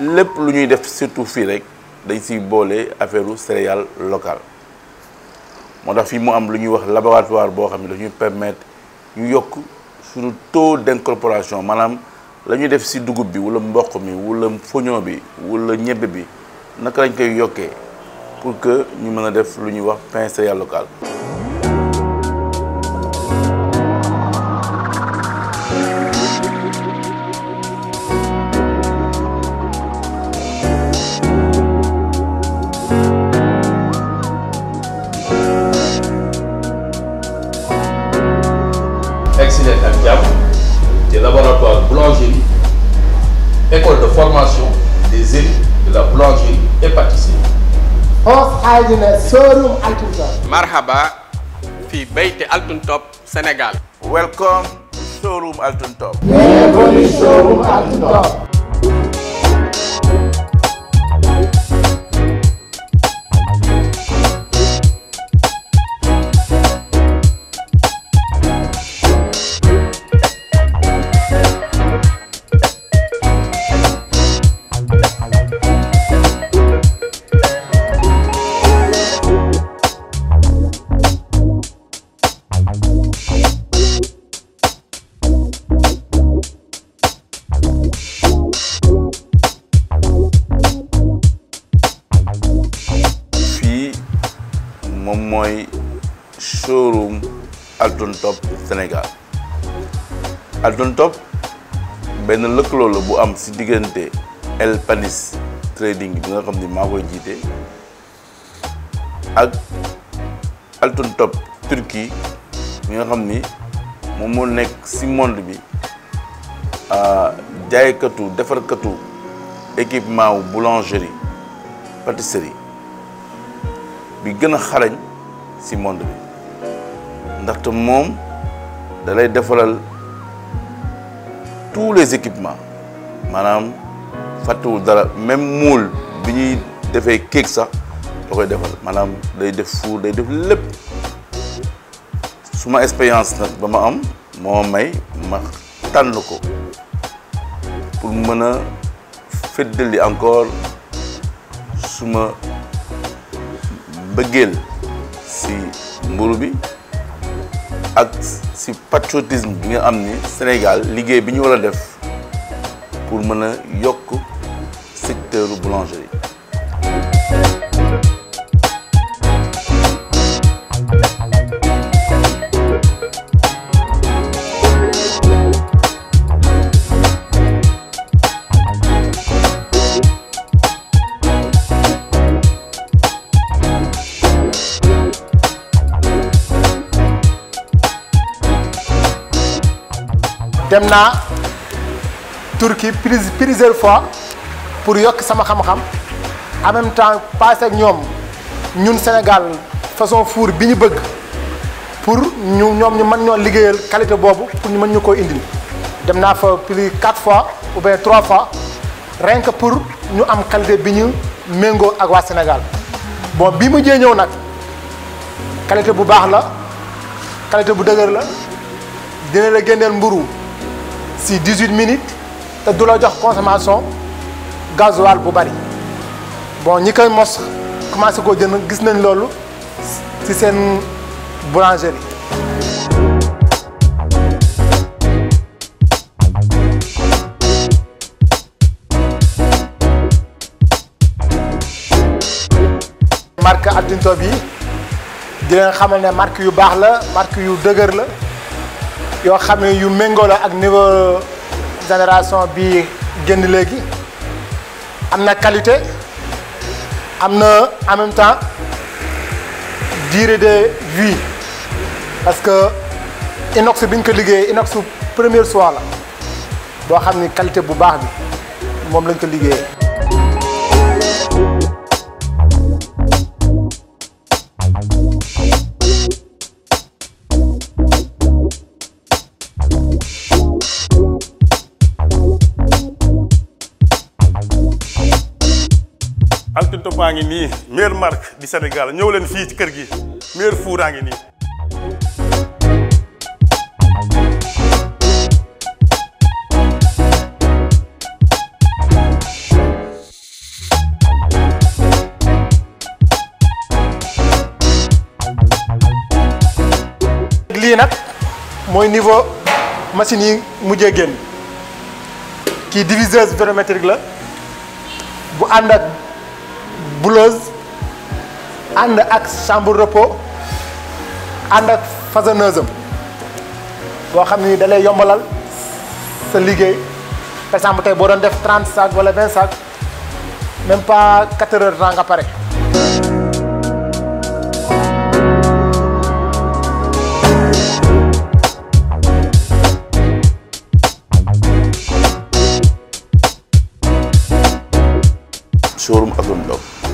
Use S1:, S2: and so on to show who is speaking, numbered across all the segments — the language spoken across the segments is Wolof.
S1: lépp lu ñuy def surtout fii rek dañ si boole affaire u céréales locales moo tax fii mu am lu ñuy wax laboratoire boo xam ne dañuy permettre ñu yokk suñu taux d'incorporation maanaam la ñuy def si dugub bi wala mboq mi wula foño bi wula ñebbe bi naka lañ koy yokkee pour que ñu mën a def lu ñuy wax pain céréales locales intercambiables des laboratoires boulangerie, école de formation des élus de la boulangerie et pâtisserie. Marhaba, fi Beite Altuntop, Sénégal. Welcome to Showroom Altuntop. Bienvenue Showroom Altuntop. Alton Top Sénégal Alton Top benn lëkkaloo la bu am ci diggante El Panis trading bi nga xam ni maa koy jiite ak Alton Top Turquie bi nga xam ni moom moo nekk si monde bi jaaykatu defarkatu équipement wu boulangerie pâtisserie bi gën a xarañ si monde bi ndaxte moom dalay defalal tous les équipements maanaam fàttewul dara même moule bi ñuy defee cake sax da koy defal maanaam day def four day def lépp suma expérience nag ba ma am moo may ma tànn ko pour mën a feddali encore suma mbëggeel si mburu bi et le patriotisme que nous avons au Sénégal, le travail que nous devons faire pour mener le secteur de boulangerie.
S2: demna Turquie plusieurs fois pour yok sama xam-xam en même temps passé ak ñom ñun Sénégal façon four biñu bëgg pour ñu ñom ñu mën ñoo liggéeyal qualité bobu pour ñu mën ñuko indi. demna fa plus quatre fois ou bien trois fois rien que pour ñu am qualité biñu mengo ak wa Sénégal bon bi mu jee ñëw nag qualité bu baax la qualité bu dëgër la dina la génneel mburu si 18 minutes te du la jox consommation gasoil bu bari bon ñi koy mos commencé ko jënd gis nañ loolu ci seen boulangerie. marque Adinto bi di leen xamal ne marque yu baax la marque yu dëgër la yo xamé yu méngoo ak niveau génération bi génn léegi amna qualité amna en même temps durée de vie parce que inox bi ko liggéeyee inox première soie la boo xam qualité bu baax bi mom lañ ko liggéeyee.
S1: top ini ngi nii meilleure marque di Sénégal ñëw leen fii ci kër gi meilleur four ngi nii
S2: lii nag mooy niveau machine yi diviseuse la bu ànd bouleuse ànd ak chambre repos ànd ak façonneuse am boo xam ni da yombalal sa liggéey par exemple tey boo doon def trent sacs wala vingt sacs même pas quatre heures nga pare.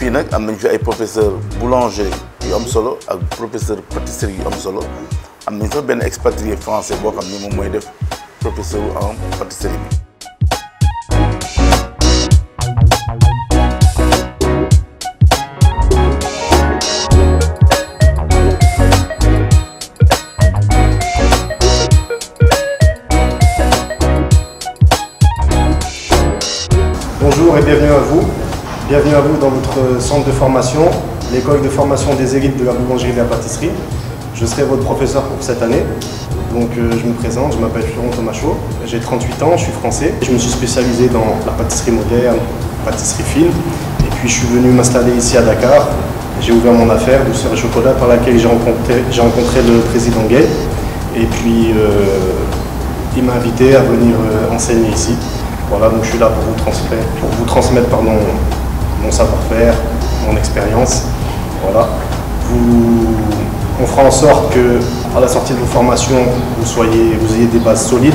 S1: Je suis am nañ professeur boulanger et am solo professeur pâtisserie yu solo am nañ expatrié français boo xam ni professeur en pâtisserie
S2: Bonjour et bienvenue à vous. Bienvenue à vous dans votre centre de formation, l'école de formation des élites de la boulangerie et de la pâtisserie. Je serai votre professeur pour cette année. Donc euh, je me présente, je m'appelle Florent Chaud, j'ai 38 ans, je suis français. Je me suis spécialisé dans la pâtisserie moderne, pâtisserie fine. Et puis je suis venu m'installer ici à Dakar. J'ai ouvert mon affaire Douceur et Chocolat par laquelle j'ai rencontré, le président Gay. Et puis euh, il m'a invité à venir euh, enseigner ici. Voilà, donc je suis là pour vous transmettre, pour vous transmettre pardon, mon savoir-faire, mon expérience. Voilà. on fera en sorte que à la sortie de vos formations, vous, soyez, vous ayez des bases solides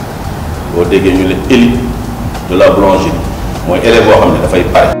S1: boo déggee ñu ne élite de la boulangerie mooy élève boo xam ne dafay pare.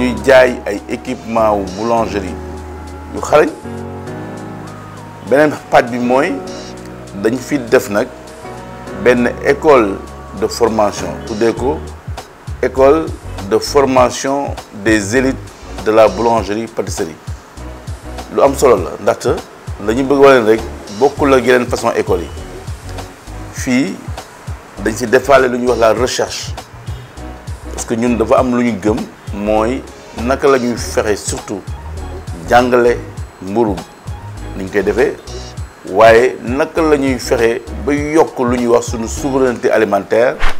S1: dañuy jaay ay équipement wu boulangerie yu xarañ beneen pat bi mooy dañ fi def nag benn école de formation tuddee ko école de formation des élites de la boulangerie pâtisserie lu am solo la ndaxte la bëgg waleen rek bokkul la yeneen façon école yi fii dañ si defaale lu ñuy wax la recherche parce que ñun dafa am lu ñu gëm mooy naka la ñuy surtout jàngale muru ni ñu koy defee waaye naka la ñuy fexe ba yokk lu wax suñu souveraineté alimentaire